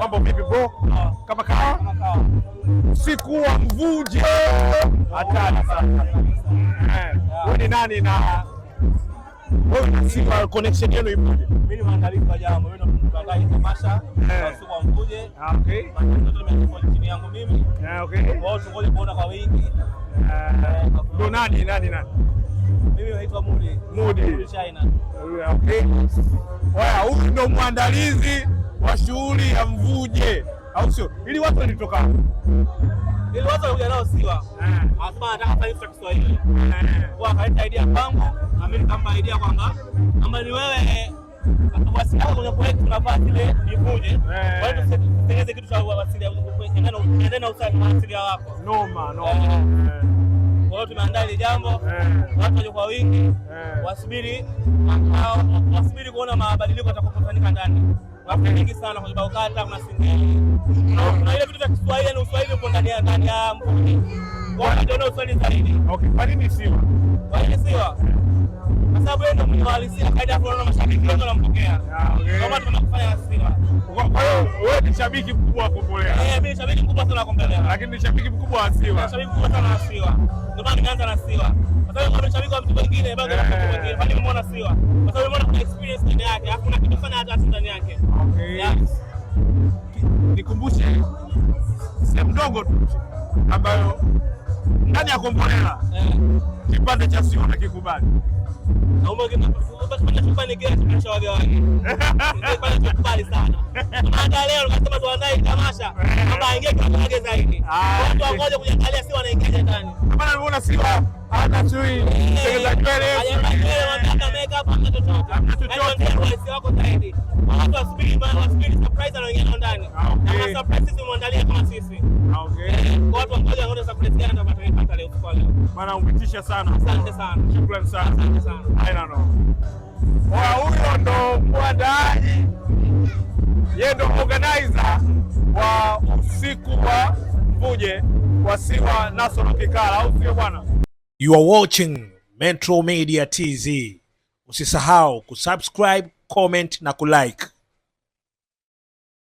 Mambo vipi bro? Kama kawa? wa mvuje. Hatari sana. Eh, wewe ni nani na wewe ni sifa connection yenu ipo? Mimi ni mwandalizi wa jambo, wewe ndio ndo mwandaji tamasha. Eh. Sikuwa mvuje. Ah, okay. Mimi yangu mimi. Eh, Okay. Wao tungoje kuona kwa wingi. Eh, ndio nani nani nani? Mimi naitwa Mudi. Mudi. China. Ah, okay. Wao, huyu ndio mwandalizi kwa shughuli ya Mvuje, au sio? Ili watu walitoka ili watu walikuja nao Siwa, asema ah. anataka fanya kitu cha Kiswahili kwa ah. akaleta idea kwangu, na mimi kama idea kwamba kama ni wewe wasili kwenye kitu tunavaa kile mvuje eh. kwa hiyo tutengeze kitu cha wasili endana na usafi wa asilia wako noma noma. Eh. Eh. Kwa hiyo tumeandaa ile jambo, watu waje kwa wingi, wasubiri wasubiri kuona mabadiliko yatakapofanyika ndani mafuta mengi sana kwenye Baukata, kuna singeli, kuna ile vitu vya Kiswahili, ni uswahili uko ndani ya ndani ya mvuni, ndio uswahili zaidi. Okay, kwa nini Siwa? Kwa nini Siwa? Kwa sababu yeye ndio mwenye halisia, kaida na mashabiki wote wanampokea, ah, ndio maana tunakufanya Siwa. Kwa hiyo wewe ni shabiki mkubwa wa Kombolea? Eh, mimi shabiki mkubwa sana wa Kombolea, lakini ni shabiki mkubwa wa Siwa. Shabiki mkubwa sana wa Siwa, ndio maana nimeanza na Siwa, kwa sababu kuna shabiki wa mtu mwingine bado, wengine maziwa, kwa sababu mbona kuna experience ndani yake, alafu kuna kitu sana hata ndani yake. Okay, nikumbushe sehemu ndogo tu ambayo ndani ya Kombolela eh. kipande cha sio na kikubali tamasha, eh. kama hata sui tengeza nywele yaani ah, ah, bana, umetisha sana. shukrani sana. wa huyo ndo mwandaaji, yeye ndo organizer wa usiku wa Mvuje wa Siwa National Kikala, au sio bwana? You are watching Metro Media tv Usisahau kusubscribe, comment na kulike.